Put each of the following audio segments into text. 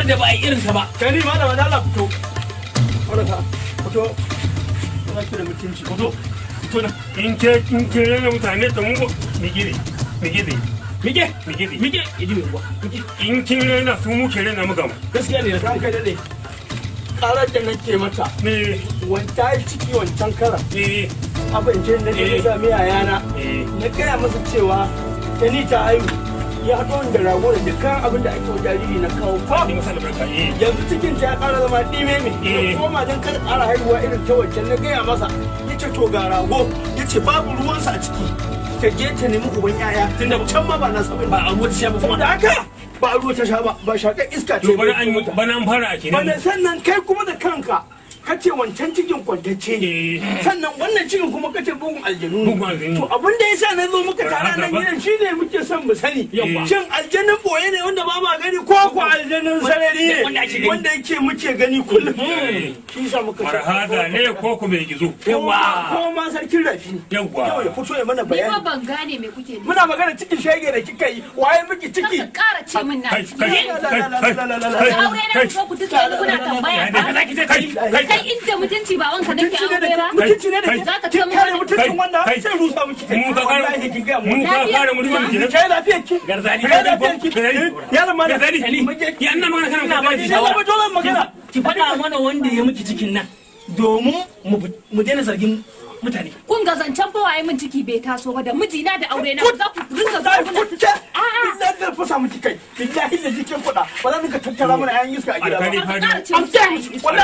bar da ba a irin ta ba kai ni malama da Allah fito ka fito mutunci fito fito na in ke in ke ne mutane ta mu mi gire idi mai ruwa. In kin rena su mu ke rena muka Gaskiya ne, ran kai dade. Karar da nake mata. Me? Wanta ciki wancan karan. Eh. Abin da ne ya miya yana. Na gaya masa cewa kani ta haihu. ya haɗo da rago da dukkan abin da ake wa jariri na kawo ba eh. yanzu cikin ta ya ƙara zama ɗime ne eh. ma don kar ƙara haihuwa irin ta wancan na gaya masa ya ce to ga rago ya ce babu ruwansa a ciki ta je ta nemi uban 'ya'ya tunda can ma ba nasa ba a ruwa ta ba kuma da haka ba ruwa ta sha ba ba shaƙar iska ce bana an fara a kenan sannan kai kuma da kanka kace wancan cikin kwantacce ne eh. sannan wannan cikin kuma kace bugun aljanu ne to abin da yasa na zo muka tara nan gidan shine muke son mu sani shin aljanun boye ne wanda ba ma gani ko ko aljanun sarari ne wanda yake muke gani kullum eh. shi sa muka farhada ne ko ku mai gizo yawa ko ma sarkin rafi yawa yau ya fito ya mana bayani ni ba ban gane me kuke muna magana cikin shege da kika yi waye muke ciki ce min na kai inda mutunci ba wanka nake aure ba mutunci ne da za ka ce min wannan sai rusa miki mu ka kare mu ka kare mutuncin ki kai lafiya ki garzani kai lafiya ki eh, ya annan magana kana ba ki shawara ki faɗa mana wanda ya miki cikin nan domin mu daina zargin mutane kun ga zancen bawa yi min ciki bai taso ba da mijina da aure na za ku rinka zuwa kuna kuke ina da fasa miki kai billahi da jikin kuɗa ba za mu ka tattara mana ayan iska a gida ba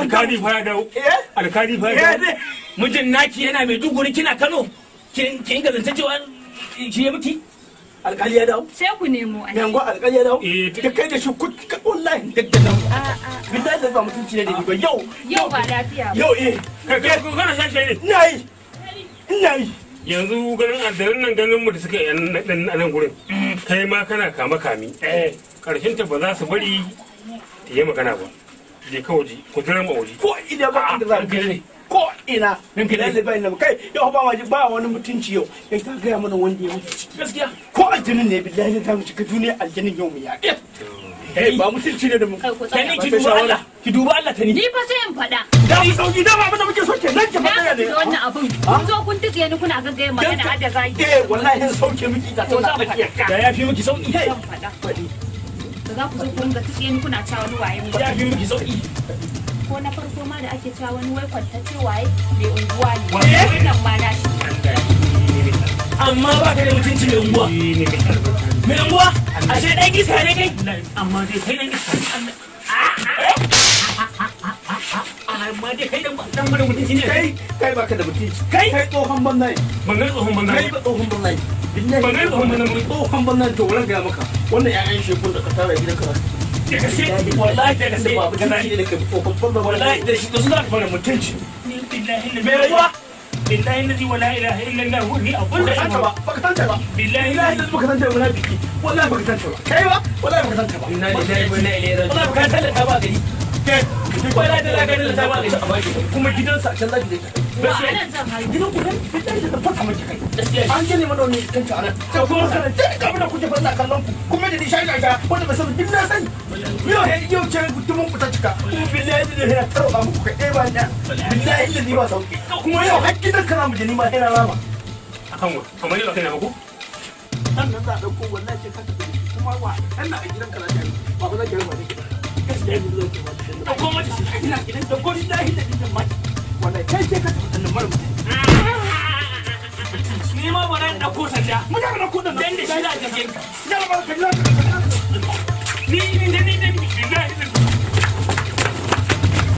alkali fa da alkali fa da Eh? alkali fa eh, da mijin naki yana mai duguri kina Kano kin kin ga zancen cewa ki yi miki alkali ya dawo sai ku nemo ai yango alkali ya dawo eh, da kai da shi da nan da ah, ah, ah. mutunci ne da ni ba yau yau ba lafiya yau eh kai kana yanzu ganin nan ganin mu da suka yi a nan gurin kai ma kana kama kami eh karshen ta ba za su bari ta yi magana ba je ku jira waje ko ina ba inda za ka ne ko ina da kai yau ba ba wani mutunci yau ta mana wanda ya mutunci aljanin ne billahi ta mu ka duniya aljanin yau mu yaƙe kai ba mutunci ne da mu kai ki duba Allah ki duba Allah ta ni ni fa sai in faɗa da mu sauki da ba abin da muke so nan ki fada ne wannan abin kun zo kun tuke ni kuna gaggaye magana har da zai eh wallahi in sauke miki ta to za ki da ya fi miki sauki kai faɗa za ku zo kun ga tuke ni kuna cewa ni waye ya fi miki sauki ko na farko ma da ake cewa wani wai kwantacce waye mai unguwa ne wannan ma na shi amma ba ka da mutunci mai unguwa mai unguwa a ce ɗan iska ne kai amma dai kai ɗan iska amma dai kai ɗan mara mutunci ne kai kai ba ka da mutunci kai kai tsohon banza ne bangar tsohon banza kai ba tsohon banza ne bangar tsohon banza ne tsohon banza ne to wurin gaya maka wannan 'ya'yan shekun da ka tara gidan ka daga sai wallahi sai ba ka da da ka tsohon banza wallahi da shi da suna fara mutunci billahi ne mai ruwa billahi nazi wala ilaha illallah hu ni abun da ba baka tanta ba billahi la ilaha baka tanta ba biki wallahi baka tanta ba kai ba wallahi baka tanta ba inna lillahi wa inna ilaihi raji'un baka tanta ba gari kai wallahi da la gari ta ba gari kuma gidansa a can lafiya gidan ku yan fitar da tabbata an kan kuma ku ni na sani yau ya ta muku ka ɗaya sauki kuma yau mu ni ma ina rama akan wa kamar yau kai na ku sannan za a ɗauko wallahi ce kanka kuma wa kana a gidan kana da ba ba za ki rama da ki ba gaskiya ne zan ki ba da komai da gidan da komai da gidan ma wallahi ni ma ba ran dauko sanda mu da dauko dan dan da shi da jirgin ne da ba ka ni ni ne ni